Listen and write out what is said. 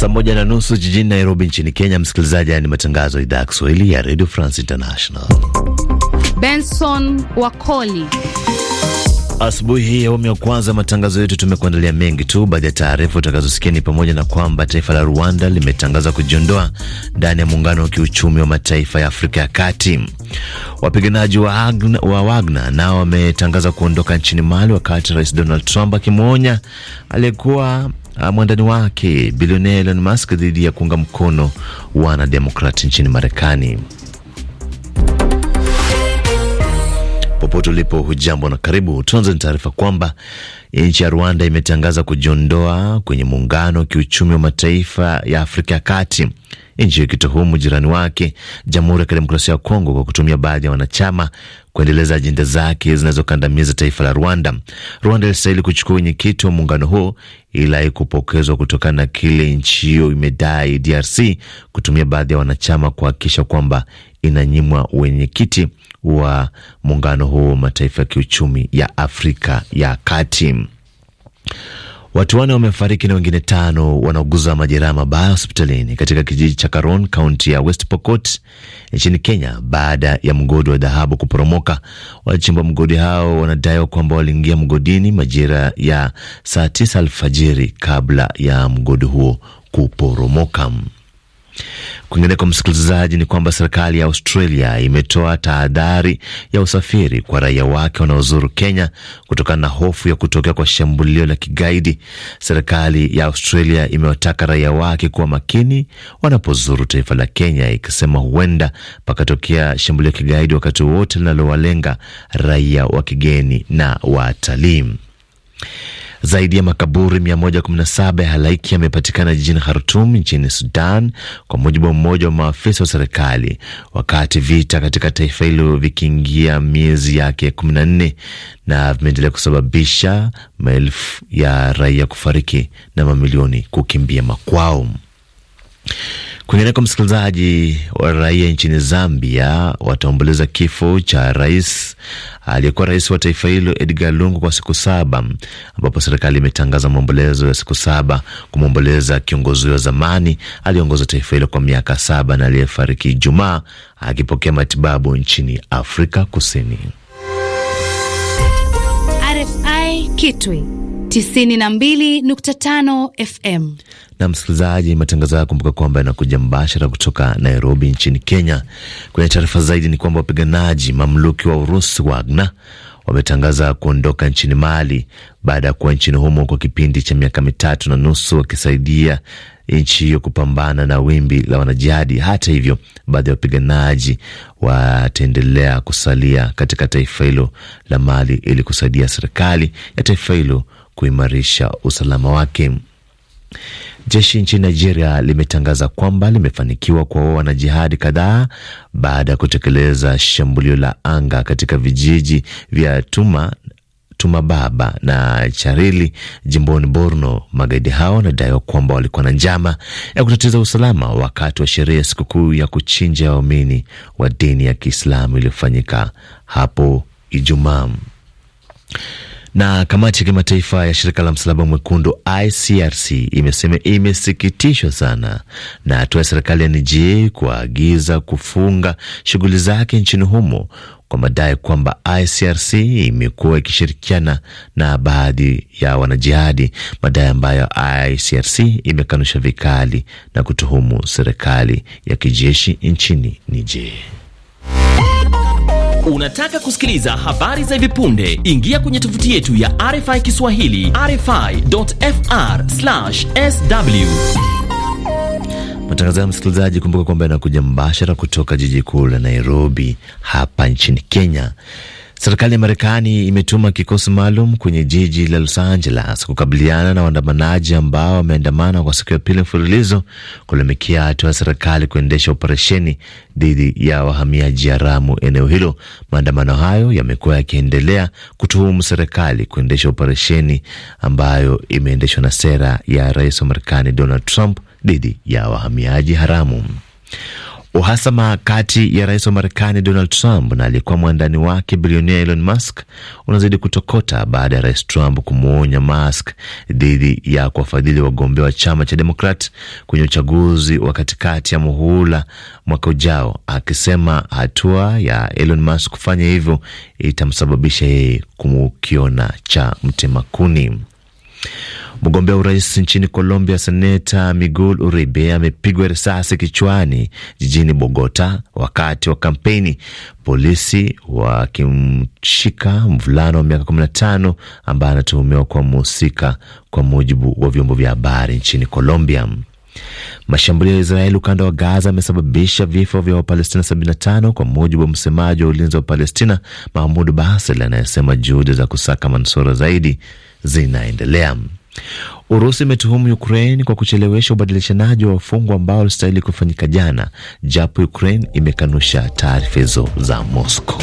Saa moja na nusu jijini Nairobi nchini Kenya. Msikilizaji, haya ni matangazo ya idhaa ya Kiswahili ya Radio France International. Benson Wakoli Asubuhi hii ya awamu ya kwanza matangazo yetu tumekuandalia mengi tu. Baadhi ya taarifa utakazosikia ni pamoja na kwamba taifa la Rwanda limetangaza kujiondoa ndani ya muungano wa kiuchumi wa mataifa ya Afrika ya Kati. Wapiganaji wa, wa Wagner nao wametangaza kuondoka nchini Mali, wakati Rais Donald Trump akimwonya aliyekuwa Ah, mwandani wake bilionea Elon Musk dhidi ya kuunga mkono wanademokrati nchini Marekani. Popote ulipo, hujambo na karibu. Tuanze na taarifa kwamba nchi ya Rwanda imetangaza kujiondoa kwenye muungano wa kiuchumi wa mataifa ya Afrika ya Kati nchi ikituhumu jirani wake Jamhuri ya Kidemokrasia ya Kongo kwa kutumia baadhi ya wanachama kuendeleza ajenda zake zinazokandamiza taifa la Rwanda. Rwanda ilistahili kuchukua wenyekiti wa muungano huo, ila haikupokezwa kutokana na kile nchi hiyo imedai DRC kutumia baadhi ya wanachama kuhakikisha kwamba inanyimwa wenyekiti wa muungano huo mataifa ya kiuchumi ya Afrika ya Kati. Watu wane wamefariki na wengine tano wanaoguza majeraha mabaya hospitalini katika kijiji cha Karon, kaunti ya West Pokot nchini Kenya, baada ya mgodi wa dhahabu kuporomoka. Wachimba mgodi hao wanadaiwa kwamba waliingia mgodini majira ya saa tisa alfajiri kabla ya mgodi huo kuporomoka. Kwingine kwa msikilizaji ni kwamba serikali ya Australia imetoa tahadhari ya usafiri kwa raia wake wanaozuru Kenya kutokana na hofu ya kutokea kwa shambulio la kigaidi. Serikali ya Australia imewataka raia wake kuwa makini wanapozuru taifa la Kenya, ikisema huenda pakatokea shambulio la kigaidi wakati wote linalowalenga raia wa kigeni na watalii. Zaidi ya makaburi 117 ya halaiki yamepatikana jijini Khartum nchini Sudan, kwa mujibu wa mmoja wa maafisa wa serikali, wakati vita katika taifa hilo vikiingia miezi yake 14 na vimeendelea kusababisha maelfu ya raia kufariki na mamilioni kukimbia makwao. Kwingineko, msikilizaji, wa raia nchini Zambia wataomboleza kifo cha rais aliyekuwa rais wa taifa hilo Edgar Lungu kwa siku saba, ambapo serikali imetangaza maombolezo ya siku saba kumwomboleza kiongozi huyo wa zamani aliyeongoza taifa hilo kwa miaka saba na aliyefariki Ijumaa akipokea matibabu nchini Afrika Kusini. Kitwi 92.5 FM. Na msikilizaji, matangazo haya kumbuka kwamba yanakuja mbashara kutoka Nairobi nchini Kenya. Kwenye taarifa zaidi ni kwamba wapiganaji mamluki wa Urusi Wagner wametangaza kuondoka nchini Mali baada ya kuwa nchini humo kwa kipindi cha miaka mitatu na nusu wakisaidia nchi hiyo kupambana na wimbi la wanajihadi. Hata hivyo, baadhi ya wapiganaji wataendelea kusalia katika taifa hilo la Mali ili kusaidia serikali ya taifa hilo kuimarisha usalama wake. Jeshi nchini Nigeria limetangaza kwamba limefanikiwa kuwaua wanajihadi kadhaa baada ya kutekeleza shambulio la anga katika vijiji vya Tuma Tumababa na Charili jimboni Borno. Magaidi hao wanadaiwa kwamba walikuwa na njama ya kutatiza usalama wakati wa sherehe ya sikukuu ya kuchinja waumini wa dini ya Kiislamu iliyofanyika hapo Ijumaa. Na kamati ya kimataifa ya shirika la msalaba mwekundu ICRC imesema imesikitishwa sana na hatua ya serikali ya Niger kuagiza kufunga shughuli zake nchini humo kwa madai kwamba ICRC imekuwa ikishirikiana na baadhi ya wanajihadi, madai ambayo ICRC imekanusha vikali na kutuhumu serikali ya kijeshi nchini Niger. Unataka kusikiliza habari za hivi punde? Ingia kwenye tovuti yetu ya RFI Kiswahili, rfi.fr/sw. Matangazo ya msikilizaji, kumbuka kwamba yanakuja mbashara kutoka jiji kuu la Nairobi hapa nchini Kenya. Serikali ya Marekani imetuma kikosi maalum kwenye jiji la Los Angeles kukabiliana na waandamanaji ambao wameandamana kwa siku ya pili mfululizo kulalamikia hatua ya serikali kuendesha operesheni dhidi ya wahamiaji haramu eneo hilo. Maandamano hayo yamekuwa yakiendelea kutuhumu serikali kuendesha operesheni ambayo imeendeshwa na sera ya rais wa Marekani Donald Trump dhidi ya wahamiaji haramu. Uhasama kati ya rais wa Marekani Donald Trump na aliyekuwa mwandani wake bilionea Elon Musk unazidi kutokota baada ya rais Trump kumwonya Musk dhidi ya kuwafadhili wagombea wa chama cha Demokrat kwenye uchaguzi wa katikati ya muhula mwaka ujao, akisema hatua ya Elon Musk kufanya hivyo itamsababisha yeye kumukiona cha mtemakuni. Mgombea urais nchini Colombia, seneta Miguel Uribe amepigwa risasi kichwani jijini Bogota wakati wa kampeni, polisi wakimshika mvulano wa miaka 15 ambaye anatuhumiwa kwa mhusika, kwa mujibu wa vyombo vya habari nchini Colombia. Mashambulio ya Israeli ukanda wa Gaza amesababisha vifo vya Wapalestina 75 kwa mujibu wa msemaji wa ulinzi wa Palestina Mahmud Basel anayesema juhudi za kusaka manusura zaidi zinaendelea. Urusi imetuhumu Ukraine kwa kuchelewesha ubadilishanaji wa wafungwa ambao ulistahili kufanyika jana, japo Ukraine imekanusha taarifa hizo za Moscow.